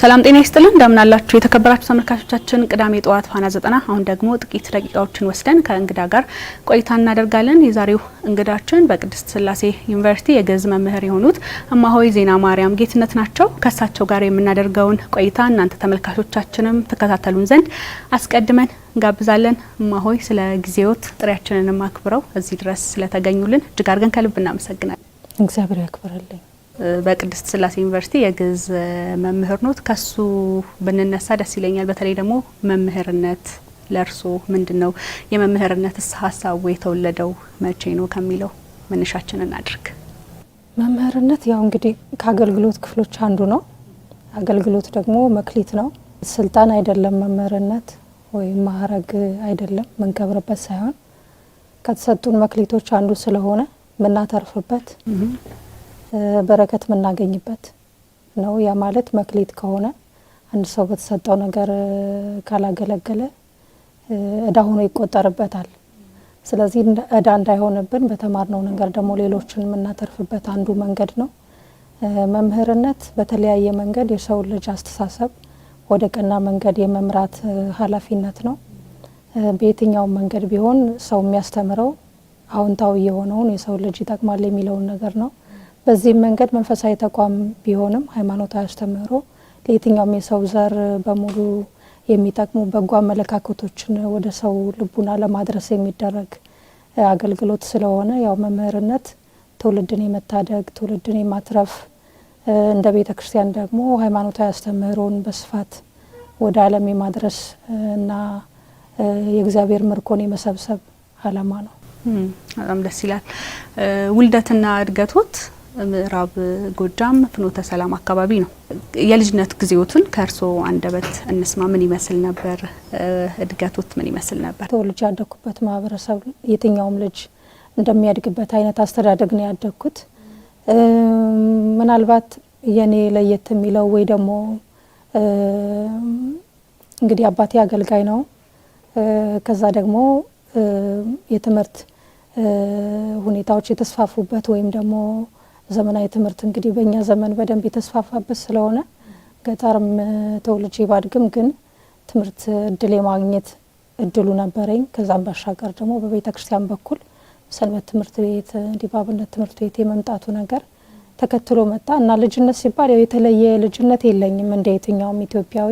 ሰላም ጤና ይስጥልን እንደምናላችሁ የተከበራችሁ ተመልካቾቻችን፣ ቅዳሜ ጠዋት ፋና ዘጠና። አሁን ደግሞ ጥቂት ደቂቃዎችን ወስደን ከእንግዳ ጋር ቆይታ እናደርጋለን። የዛሬው እንግዳችን በቅድስት ስላሴ ዩኒቨርሲቲ የግዕዝ መምህር የሆኑት እማሆይ ዜና ማርያም ጌትነት ናቸው። ከእሳቸው ጋር የምናደርገውን ቆይታ እናንተ ተመልካቾቻችንም ተከታተሉን ዘንድ አስቀድመን እንጋብዛለን። እማሆይ ስለ ጊዜዎት ጥሪያችንንም አክብረው እዚህ ድረስ ስለተገኙልን እጅግ አድርገን ከልብ እናመሰግናለን። እግዚአብሔር ያክብርልኝ። በቅድስት ስላሴ ዩኒቨርሲቲ የግዕዝ መምህር ኖት። ከሱ ብንነሳ ደስ ይለኛል። በተለይ ደግሞ መምህርነት ለእርሶ ምንድን ነው? የመምህርነትስ ሀሳቡ የተወለደው መቼ ነው ከሚለው መነሻችን እናድርግ። መምህርነት ያው እንግዲህ ከአገልግሎት ክፍሎች አንዱ ነው። አገልግሎት ደግሞ መክሊት ነው፣ ስልጣን አይደለም። መምህርነት ወይም ማዕረግ አይደለም፣ ምንከብርበት ሳይሆን ከተሰጡን መክሊቶች አንዱ ስለሆነ ምናተርፍበት በረከት የምናገኝበት ነው። ያ ማለት መክሊት ከሆነ አንድ ሰው በተሰጠው ነገር ካላገለገለ እዳ ሆኖ ይቆጠርበታል። ስለዚህ እዳ እንዳይሆንብን በተማርነው ነገር ደግሞ ሌሎችን የምናተርፍበት አንዱ መንገድ ነው። መምህርነት በተለያየ መንገድ የሰውን ልጅ አስተሳሰብ ወደ ቀና መንገድ የመምራት ኃላፊነት ነው። በየትኛውም መንገድ ቢሆን ሰው የሚያስተምረው አዎንታዊ የሆነውን የሰውን ልጅ ይጠቅማል የሚለውን ነገር ነው። በዚህም መንገድ መንፈሳዊ ተቋም ቢሆንም ሃይማኖታዊ አስተምህሮ ለየትኛውም የሰው ዘር በሙሉ የሚጠቅሙ በጎ አመለካከቶችን ወደ ሰው ልቡና ለማድረስ የሚደረግ አገልግሎት ስለሆነ ያው መምህርነት ትውልድን የመታደግ ትውልድን የማትረፍ እንደ ቤተ ክርስቲያን ደግሞ ሃይማኖታዊ አስተምህሮን በስፋት ወደ ዓለም የማድረስ እና የእግዚአብሔር ምርኮን የመሰብሰብ ዓላማ ነው። በጣም ደስ ይላል። ውልደትና እድገቶት ምዕራብ ጎጃም ፍኖተ ሰላም አካባቢ ነው። የልጅነት ጊዜዎትን ከእርሶ አንደበት እንስማ። ምን ይመስል ነበር? እድገቶት ምን ይመስል ነበር? ተወልጄ ያደግኩበት ማህበረሰብ የትኛውም ልጅ እንደሚያድግበት አይነት አስተዳደግ ነው ያደግኩት። ምናልባት የኔ ለየት የሚለው ወይ ደግሞ እንግዲህ አባቴ አገልጋይ ነው። ከዛ ደግሞ የትምህርት ሁኔታዎች የተስፋፉበት ወይም ደግሞ ዘመናዊ ትምህርት እንግዲህ በእኛ ዘመን በደንብ የተስፋፋበት ስለሆነ ገጠርም ተወልጄ ባድግም ግን ትምህርት እድል የማግኘት እድሉ ነበረኝ። ከዛም ባሻገር ደግሞ በቤተ ክርስቲያን በኩል ሰንበት ትምህርት ቤት እንዲባብነት ትምህርት ቤት የመምጣቱ ነገር ተከትሎ መጣ እና ልጅነት ሲባል ያው የተለየ ልጅነት የለኝም። እንደ የትኛውም ኢትዮጵያዊ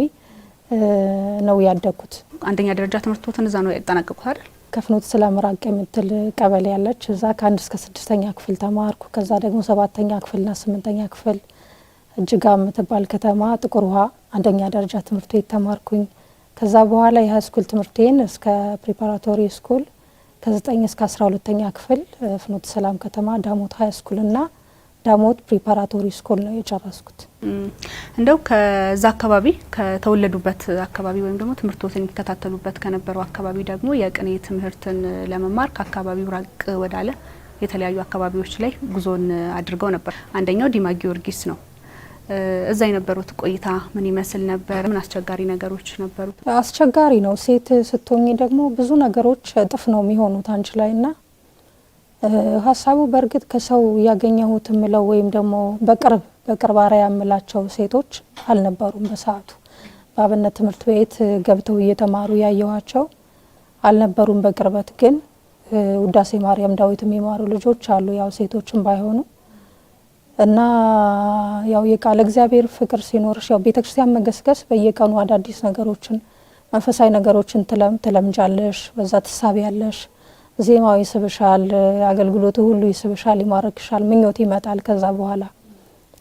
ነው ያደግኩት። አንደኛ ደረጃ ትምህርቶትን እዛ ነው ያጠናቀቁት አይደል? ከፍኖት ስለምራቅ የምትል ቀበሌ ያለች እዛ ከአንድ እስከ ስድስተኛ ክፍል ተማርኩ። ከዛ ደግሞ ሰባተኛ ክፍልና ስምንተኛ ክፍል እጅጋ የምትባል ከተማ ጥቁር ውሃ አንደኛ ደረጃ ትምህርት ቤት ተማርኩኝ። ከዛ በኋላ ስኩል ትምህርቴን እስከ ፕሪፓራቶሪ ስኩል ከዘጠኝ እስከ አስራ ሁለተኛ ክፍል ፍኖት ሰላም ከተማ ዳሞት ና ዳሞት ፕሪፓራቶሪ ስኩል ነው የጨረስኩት። እንደው ከዛ አካባቢ ከተወለዱበት አካባቢ ወይም ደግሞ ትምህርቶትን የሚከታተሉበት ከነበረው አካባቢ ደግሞ የቅኔ ትምህርትን ለመማር ከአካባቢው ራቅ ወዳለ የተለያዩ አካባቢዎች ላይ ጉዞን አድርገው ነበር። አንደኛው ዲማ ጊዮርጊስ ነው። እዛ የነበሩት ቆይታ ምን ይመስል ነበር? ምን አስቸጋሪ ነገሮች ነበሩ? አስቸጋሪ ነው። ሴት ስትሆኚ ደግሞ ብዙ ነገሮች እጥፍ ነው የሚሆኑት አንቺ ላይ ና ሀሳቡ በእርግጥ ከሰው ያገኘሁት የምለው ወይም ደግሞ በቅርብ በቅርብ አርአያ የምላቸው ሴቶች አልነበሩም። በሰዓቱ በአብነት ትምህርት ቤት ገብተው እየተማሩ ያየኋቸው አልነበሩም በቅርበት ግን ውዳሴ ማርያም ዳዊት የሚማሩ ልጆች አሉ፣ ያው ሴቶችም ባይሆኑ እና ያው የቃለ እግዚአብሔር ፍቅር ሲኖርሽ ያው ቤተ ክርስቲያን መገስገስ በየቀኑ አዳዲስ ነገሮችን መንፈሳዊ ነገሮችን ትለም ትለምጃለሽ፣ በዛ ትሳቢያለሽ ዜማው ይስብሻል፣ አገልግሎቱ ሁሉ ይስብሻል፣ ይማርክሻል፣ ምኞት ይመጣል። ከዛ በኋላ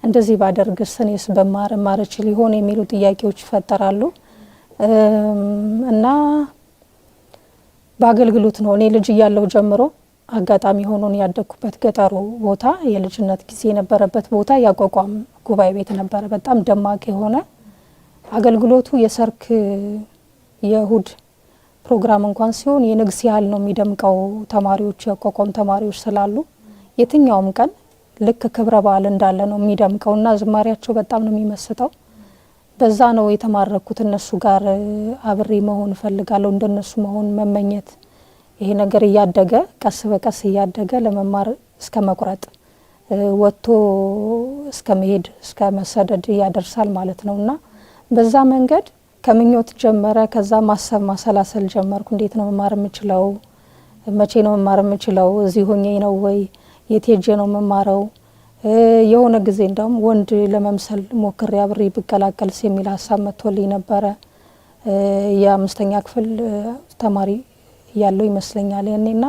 እንደዚህ ባደርግ እኔስ በማር ማርችል ሊሆን የሚሉ ጥያቄዎች ይፈጠራሉ እና በአገልግሎት ነው። እኔ ልጅ እያለው ጀምሮ አጋጣሚ ሆኖን ያደግኩበት ገጠሩ ቦታ የልጅነት ጊዜ የነበረበት ቦታ ያቋቋም ጉባኤ ቤት ነበረ። በጣም ደማቅ የሆነ አገልግሎቱ የሰርክ የእሁድ ፕሮግራም እንኳን ሲሆን የንግስ ያህል ነው የሚደምቀው። ተማሪዎች የቋቋም ተማሪዎች ስላሉ የትኛውም ቀን ልክ ክብረ በዓል እንዳለ ነው የሚደምቀው እና ዝማሪያቸው በጣም ነው የሚመስጠው። በዛ ነው የተማረኩት። እነሱ ጋር አብሬ መሆን እፈልጋለሁ፣ እንደነሱ መሆን መመኘት። ይሄ ነገር እያደገ ቀስ በቀስ እያደገ ለመማር እስከ መቁረጥ ወጥቶ እስከ መሄድ እስከ መሰደድ ያደርሳል ማለት ነው እና በዛ መንገድ ከምኞት ጀመረ። ከዛ ማሰብ ማሰላሰል ጀመርኩ። እንዴት ነው መማር የምችለው? መቼ ነው መማር የምችለው? እዚህ ሆኜ ነው ወይ? የት ሄጄ ነው መማረው? የሆነ ጊዜ እንደውም ወንድ ለመምሰል ሞክሬ አብሬ ብቀላቀልስ የሚል ሀሳብ መጥቶልኝ ነበረ። የአምስተኛ ክፍል ተማሪ ያለው ይመስለኛል ያኔና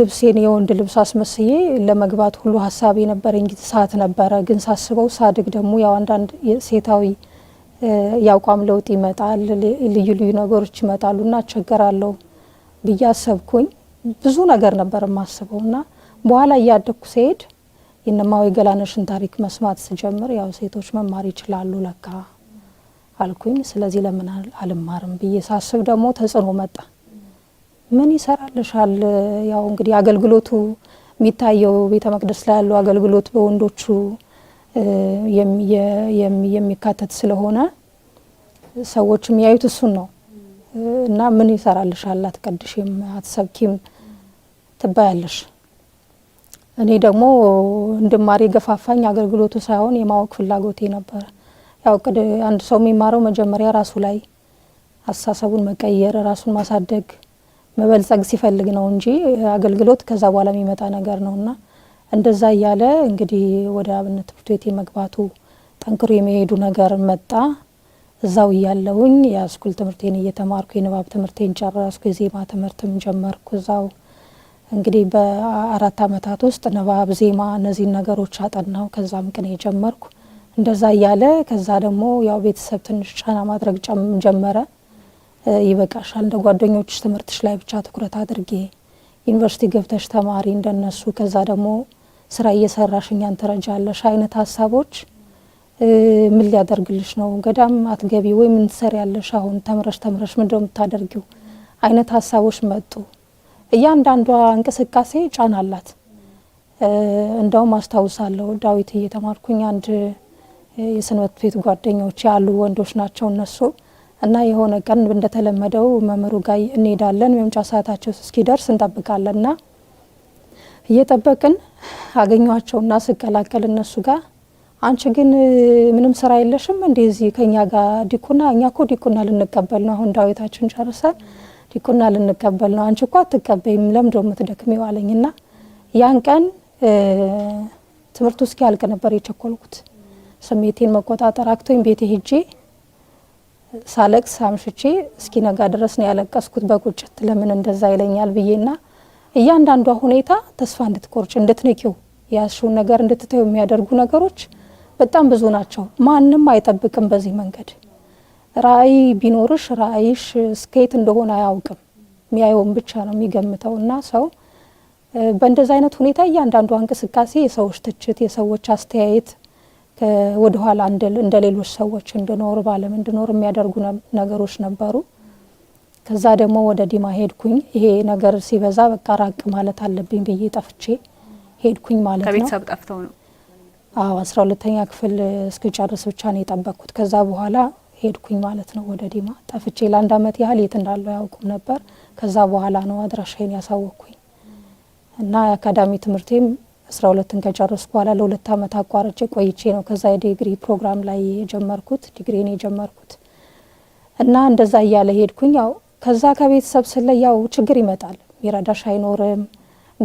ልብሴን የወንድ ልብስ አስመስዬ ለመግባት ሁሉ ሀሳቤ ነበረ። ነበረኝ። ሰዓት ነበረ ግን ሳስበው ሳድግ ደግሞ ያው አንዳንድ ሴታዊ የአቋም ለውጥ ይመጣል፣ ልዩ ልዩ ነገሮች ይመጣሉ እና እቸገራለሁ ብዬ አሰብኩኝ። ብዙ ነገር ነበር የማስበው እና በኋላ እያደግኩ ስሄድ የእነማዊ ገላነሽን ታሪክ መስማት ስጀምር ያው ሴቶች መማር ይችላሉ ለካ አልኩኝ። ስለዚህ ለምን አልማርም ብዬ ሳስብ ደግሞ ተጽዕኖ መጣ። ምን ይሰራልሻል? ያው እንግዲህ አገልግሎቱ የሚታየው ቤተ መቅደስ ላይ ያለው አገልግሎት በወንዶቹ የሚካተት ስለሆነ ሰዎች የሚያዩት እሱን ነው እና ምን ይሰራልሻል? አትቀድሽም፣ አትሰብኪም ትባያለሽ። እኔ ደግሞ እንድማሪ ገፋፋኝ አገልግሎቱ ሳይሆን የማወቅ ፍላጎቴ ነበር። ያው አንድ ሰው የሚማረው መጀመሪያ ራሱ ላይ አስተሳሰቡን መቀየር፣ ራሱን ማሳደግ፣ መበልጸግ ሲፈልግ ነው እንጂ አገልግሎት ከዛ በኋላ የሚመጣ ነገር ነውና እንደዛ እያለ እንግዲህ ወደ አብነት ትምህርት ቤት የመግባቱ ጠንክሮ የመሄዱ ነገር መጣ። እዛው እያለሁኝ የስኩል ትምህርቴን እየተማርኩ የንባብ ትምህርቴን ጨረስኩ። የዜማ ትምህርትም ጀመርኩ እዛው እንግዲህ በአራት ዓመታት ውስጥ ንባብ፣ ዜማ እነዚህን ነገሮች አጠናው። ከዛም ቅኔ ጀመርኩ። እንደዛ እያለ ከዛ ደግሞ ያው ቤተሰብ ትንሽ ጫና ማድረግ ጀመረ። ይበቃሻል፣ እንደ ጓደኞች ትምህርትሽ ላይ ብቻ ትኩረት አድርጌ ዩኒቨርሲቲ ገብተሽ ተማሪ እንደነሱ ከዛ ደግሞ ስራ እየሰራሽ እኛን ትረጃለሽ አይነት ሀሳቦች ምን ሊያደርግልሽ ነው? ገዳም አትገቢ ወይ? ምን ያለሽ አሁን ተምረሽ ተምረሽ ምንድነው የምታደርጊው? አይነት ሀሳቦች መጡ። እያንዳንዷ እንቅስቃሴ ጫና አላት። እንደውም አስታውሳለሁ ዳዊት እየተማርኩኝ አንድ የስንበት ቤት ጓደኞች ያሉ ወንዶች ናቸው እነሱ እና የሆነ ቀን እንደተለመደው መምህሩ ጋር እንሄዳለን። መምጫ ሰዓታቸው እስኪደርስ እንጠብቃለን ና እየጠበቅን አገኘኋቸውና ስቀላቀል እነሱ ጋር አንቺ ግን ምንም ስራ የለሽም እንደዚህ ከኛ ጋር ዲቁና፣ እኛ ኮ ዲቁና ልንቀበል ነው አሁን ዳዊታችን ጨርሰን ዲቁና ልንቀበል ነው። አንቺ እኳ አትቀበይም፣ ለምዶ ይዋለኝ ና ያን ቀን ትምህርቱ ያልቅ ነበር የቸኮልኩት። ስሜቴን መቆጣጠር አቅቶኝ ቤቴ ሄጄ ሳለቅስ አምሽቼ እስኪነጋ ድረስ ነው ያለቀስኩት በቁጭት ለምን እንደዛ ይለኛል ብዬና እያንዳንዷ ሁኔታ ተስፋ እንድትቆርጭ እንድትንቂው ያሽውን ነገር እንድትተው የሚያደርጉ ነገሮች በጣም ብዙ ናቸው። ማንም አይጠብቅም በዚህ መንገድ። ራዕይ ቢኖርሽ ራዕይሽ ስኬት እንደሆነ አያውቅም። የሚያየውን ብቻ ነው የሚገምተው እና ሰው በእንደዚህ አይነት ሁኔታ እያንዳንዷ እንቅስቃሴ የሰዎች ትችት፣ የሰዎች አስተያየት ወደኋላ እንደ ሌሎች ሰዎች እንድኖር በዓለም እንድኖር የሚያደርጉ ነገሮች ነበሩ። ከዛ ደግሞ ወደ ዲማ ሄድኩኝ። ይሄ ነገር ሲበዛ በቃ ራቅ ማለት አለብኝ ብዬ ጠፍቼ ሄድኩኝ ማለት ነው። ከቤተሰብ ጠፍተው ነው? አዎ አስራ ሁለተኛ ክፍል እስክጨርስ ብቻ ነው የጠበቅኩት። ከዛ በኋላ ሄድኩኝ ማለት ነው ወደ ዲማ። ጠፍቼ ለአንድ አመት ያህል የት እንዳለው አያውቁም ነበር። ከዛ በኋላ ነው አድራሻዬን ያሳወቅኩኝ እና የአካዳሚ ትምህርቴም አስራ ሁለትን ከጨረስኩ በኋላ ለሁለት አመት አቋርጬ ቆይቼ ነው ከዛ የዲግሪ ፕሮግራም ላይ የጀመርኩት ዲግሪን የጀመርኩት እና እንደዛ እያለ ሄድኩኝ ያው ከዛ ከቤተሰብ ስለ ያው ችግር ይመጣል። ሚረዳሽ አይኖርም።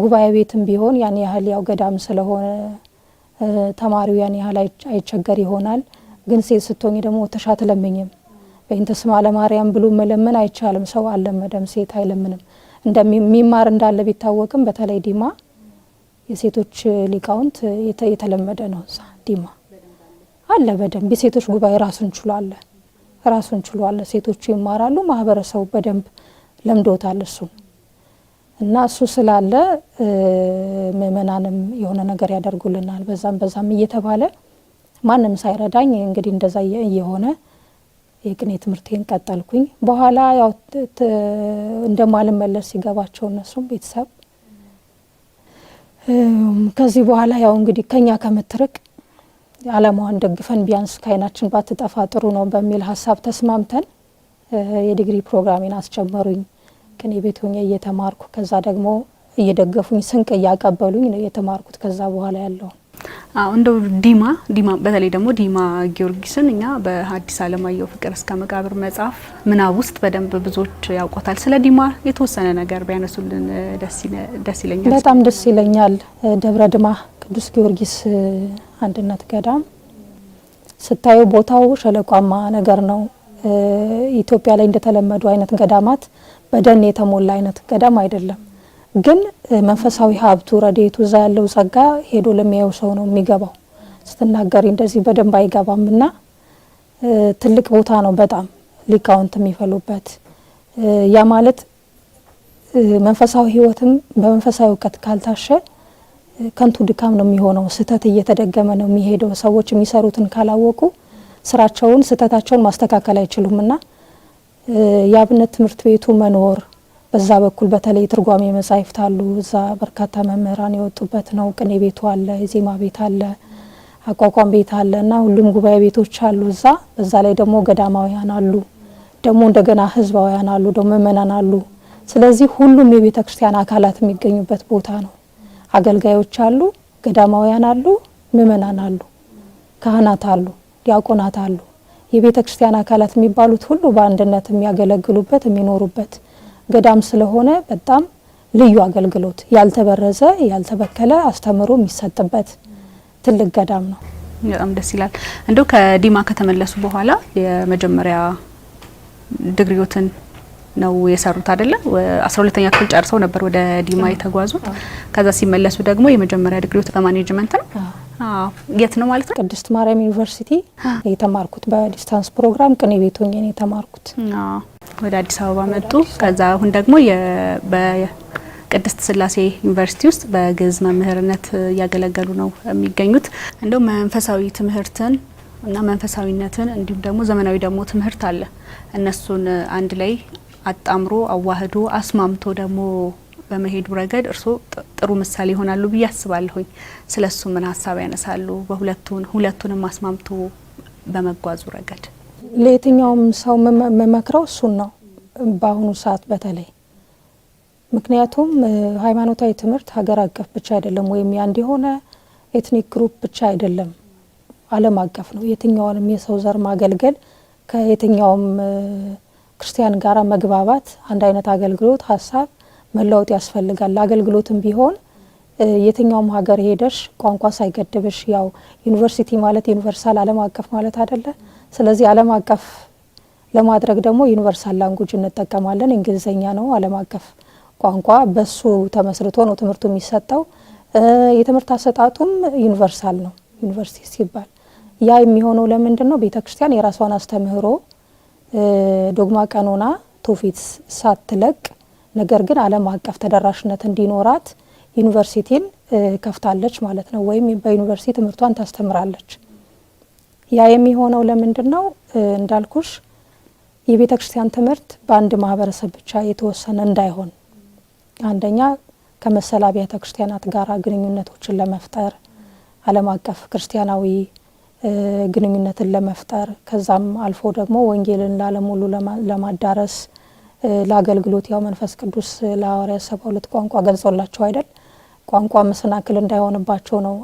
ጉባኤ ቤትም ቢሆን ያን ያህል ያው ገዳም ስለሆነ ተማሪው ያን ያህል አይቸገር ይሆናል። ግን ሴት ስትሆኝ ደግሞ ተሻ ትለምኝም። በእንተ ስማ ለማርያም ብሎ መለመን አይቻልም። ሰው አልለመደም፣ ሴት አይለምንም። እንደሚማር እንዳለ ቢታወቅም በተለይ ዲማ የሴቶች ሊቃውንት የተለመደ ነው። እዛ ዲማ አለ በደንብ የሴቶች ጉባኤ ራሱን ችሏል። ራሱን ችሏል። ሴቶቹ ይማራሉ፣ ማህበረሰቡ በደንብ ለምዶታል እሱ እና እሱ ስላለ ምእመናንም የሆነ ነገር ያደርጉልናል በዛም በዛም እየተባለ ማንም ሳይረዳኝ እንግዲህ እንደዛ እየሆነ የቅኔ ትምህርቴን ቀጠልኩኝ። በኋላ ያው እንደማልመለስ ሲገባቸው እነሱም ቤተሰብ ከዚህ በኋላ ያው እንግዲህ ከኛ ከምትርቅ አለማውን ደግፈን ቢያንስ ከአይናችን ባትጠፋ ጥሩ ነው በሚል ሀሳብ ተስማምተን የዲግሪ ፕሮግራሜን አስጀመሩኝ። ግን የቤት ሆኜ እየተማርኩ ከዛ ደግሞ እየደገፉኝ ስንቅ እያቀበሉኝ ነው የተማርኩት። ከዛ በኋላ ያለውን እንደው ዲማ ዲማ በተለይ ደግሞ ዲማ ጊዮርጊስን እኛ በሐዲስ ዓለማየሁ ፍቅር እስከ መቃብር መጽሐፍ ምናብ ውስጥ በደንብ ብዙዎች ያውቆታል። ስለ ዲማ የተወሰነ ነገር ቢያነሱልን ደስ ይለኛል። በጣም ደስ ይለኛል። ደብረ ድማ ቅዱስ ጊዮርጊስ አንድነት ገዳም ስታዩ ቦታው ሸለቋማ ነገር ነው። ኢትዮጵያ ላይ እንደተለመዱ አይነት ገዳማት በደን የተሞላ አይነት ገዳም አይደለም። ግን መንፈሳዊ ሀብቱ ረድኤቱ እዛ ያለው ጸጋ ሄዶ ለሚያየው ሰው ነው የሚገባው። ስትናገሪ እንደዚህ በደንብ አይገባም እና ትልቅ ቦታ ነው በጣም ሊቃውንት የሚፈሉበት። ያ ማለት መንፈሳዊ ህይወትም በመንፈሳዊ እውቀት ካልታሸ ከንቱ ድካም ነው የሚሆነው። ስህተት እየተደገመ ነው የሚሄደው። ሰዎች የሚሰሩትን ካላወቁ ስራቸውን ስህተታቸውን ማስተካከል አይችሉም እና የአብነት ትምህርት ቤቱ መኖር በዛ በኩል በተለይ ትርጓሜ መጻሕፍት አሉ። እዛ በርካታ መምህራን የወጡበት ነው። ቅኔ ቤቱ አለ፣ የዜማ ቤት አለ፣ አቋቋም ቤት አለ እና ሁሉም ጉባኤ ቤቶች አሉ እዛ። በዛ ላይ ደግሞ ገዳማውያን አሉ፣ ደግሞ እንደገና ህዝባውያን አሉ፣ ደግሞ ምእመናን አሉ። ስለዚህ ሁሉም የቤተ ክርስቲያን አካላት የሚገኙበት ቦታ ነው። አገልጋዮች አሉ፣ ገዳማውያን አሉ፣ ምእመናን አሉ፣ ካህናት አሉ፣ ዲያቆናት አሉ። የቤተ ክርስቲያን አካላት የሚባሉት ሁሉ በአንድነት የሚያገለግሉበት የሚኖሩበት ገዳም ስለሆነ በጣም ልዩ አገልግሎት ያልተበረዘ ያልተበከለ አስተምሮ የሚሰጥበት ትልቅ ገዳም ነው። በጣም ደስ ይላል። እንደው ከዲማ ከተመለሱ በኋላ የመጀመሪያ ዲግሪዎትን ነው የሰሩት አይደለ? አስራ ሁለተኛ ክፍል ጨርሰው ነበር ወደ ዲማ የተጓዙት። ከዛ ሲመለሱ ደግሞ የመጀመሪያ ዲግሪዎት በማኔጅመንት ነው የት ነው ማለት ነው? ቅድስት ማርያም ዩኒቨርሲቲ የተማርኩት በዲስታንስ ፕሮግራም ቅኔ ቤት ሆኜ ነው የተማርኩት። ወደ አዲስ አበባ መጡ። ከዛ አሁን ደግሞ ቅድስት ስላሴ ዩኒቨርሲቲ ውስጥ በግዕዝ መምህርነት እያገለገሉ ነው የሚገኙት። እንደው መንፈሳዊ ትምህርትን እና መንፈሳዊነትን እንዲሁም ደግሞ ዘመናዊ ደግሞ ትምህርት አለ እነሱን አንድ ላይ አጣምሮ አዋህዶ አስማምቶ ደግሞ በመሄዱ ረገድ እርስዎ ጥሩ ምሳሌ ይሆናሉ ብዬ አስባለሁኝ። ስለ እሱ ምን ሀሳብ ያነሳሉ? በሁለቱን ሁለቱንም አስማምቶ በመጓዙ ረገድ ለየትኛውም ሰው የምመክረው እሱን ነው፣ በአሁኑ ሰዓት በተለይ ምክንያቱም ሃይማኖታዊ ትምህርት ሀገር አቀፍ ብቻ አይደለም፣ ወይም ያንድ የሆነ ኤትኒክ ግሩፕ ብቻ አይደለም፣ ዓለም አቀፍ ነው። የትኛውንም የሰው ዘር ማገልገል ከየትኛውም ክርስቲያን ጋር መግባባት፣ አንድ አይነት አገልግሎት ሀሳብ መለወጥ ያስፈልጋል። ለአገልግሎትም ቢሆን የትኛውም ሀገር ሄደሽ ቋንቋ ሳይገድብሽ፣ ያው ዩኒቨርሲቲ ማለት ዩኒቨርሳል ዓለም አቀፍ ማለት አይደለ? ስለዚህ ዓለም አቀፍ ለማድረግ ደግሞ ዩኒቨርሳል ላንጉጅ እንጠቀማለን። እንግሊዝኛ ነው ዓለም አቀፍ ቋንቋ፣ በሱ ተመስርቶ ነው ትምህርቱ የሚሰጠው። የትምህርት አሰጣጡም ዩኒቨርሳል ነው ዩኒቨርሲቲ ሲባል። ያ የሚሆነው ለምንድን ነው? ቤተ ክርስቲያን የራሷን አስተምህሮ ዶግማ፣ ቀኖና፣ ትውፊት ሳትለቅ ነገር ግን ዓለም አቀፍ ተደራሽነት እንዲኖራት ዩኒቨርሲቲን ከፍታለች ማለት ነው። ወይም በዩኒቨርሲቲ ትምህርቷን ታስተምራለች። ያ የሚሆነው ለምንድን ነው እንዳልኩሽ የቤተ ክርስቲያን ትምህርት በአንድ ማህበረሰብ ብቻ የተወሰነ እንዳይሆን፣ አንደኛ ከመሰል አብያተ ክርስቲያናት ጋር ግንኙነቶችን ለመፍጠር ዓለም አቀፍ ክርስቲያናዊ ግንኙነትን ለመፍጠር ከዛም አልፎ ደግሞ ወንጌልን ለዓለም ሁሉ ለማዳረስ ለአገልግሎት ያው መንፈስ ቅዱስ ለሐዋርያት ሰባ ሁለት ቋንቋ ገልጾላቸው አይደል? ቋንቋ መሰናክል እንዳይሆንባቸው ነው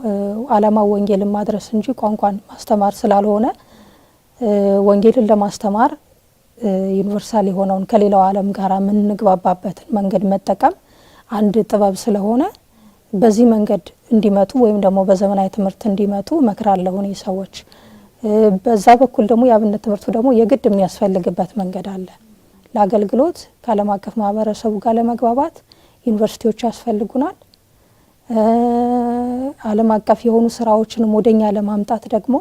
ዓላማው ወንጌልን ማድረስ እንጂ ቋንቋን ማስተማር ስላልሆነ ወንጌልን ለማስተማር ዩኒቨርሳል የሆነውን ከሌላው ዓለም ጋር የምንግባባበትን መንገድ መጠቀም አንድ ጥበብ ስለሆነ በዚህ መንገድ እንዲመጡ ወይም ደግሞ በዘመናዊ ትምህርት እንዲመጡ እመክራለሁ እኔ ሰዎች። በዛ በኩል ደግሞ የአብነት ትምህርቱ ደግሞ የግድ የሚያስፈልግበት መንገድ አለ። ለአገልግሎት ከዓለም አቀፍ ማህበረሰቡ ጋር ለመግባባት ዩኒቨርሲቲዎች ያስፈልጉናል። ዓለም አቀፍ የሆኑ ስራዎችንም ወደኛ ለማምጣት ደግሞ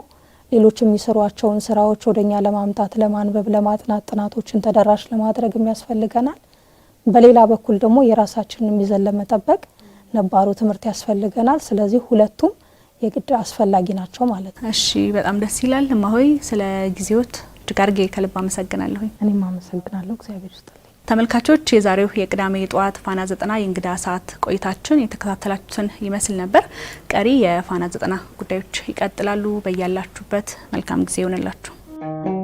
ሌሎች የሚሰሯቸውን ስራዎች ወደኛ ለማምጣት ለማንበብ፣ ለማጥናት፣ ጥናቶችን ተደራሽ ለማድረግ ያስፈልገናል። በሌላ በኩል ደግሞ የራሳችንን ሚዘን ለመጠበቅ ነባሩ ትምህርት ያስፈልገናል። ስለዚህ ሁለቱም የግድ አስፈላጊ ናቸው ማለት ነው። እሺ፣ በጣም ደስ ይላል እማሆይ ስለ ጊዜዎት እጅግ አድርጌ ከልብ አመሰግናለሁ። እኔም አመሰግናለሁ። እግዚአብሔር ይስጥልኝ። ተመልካቾች የዛሬው የቅዳሜ ጠዋት ፋና ዘጠና የእንግዳ ሰዓት ቆይታችን የተከታተላችሁትን ይመስል ነበር። ቀሪ የፋና ዘጠና ጉዳዮች ይቀጥላሉ። በያላችሁበት መልካም ጊዜ ይሆንላችሁ።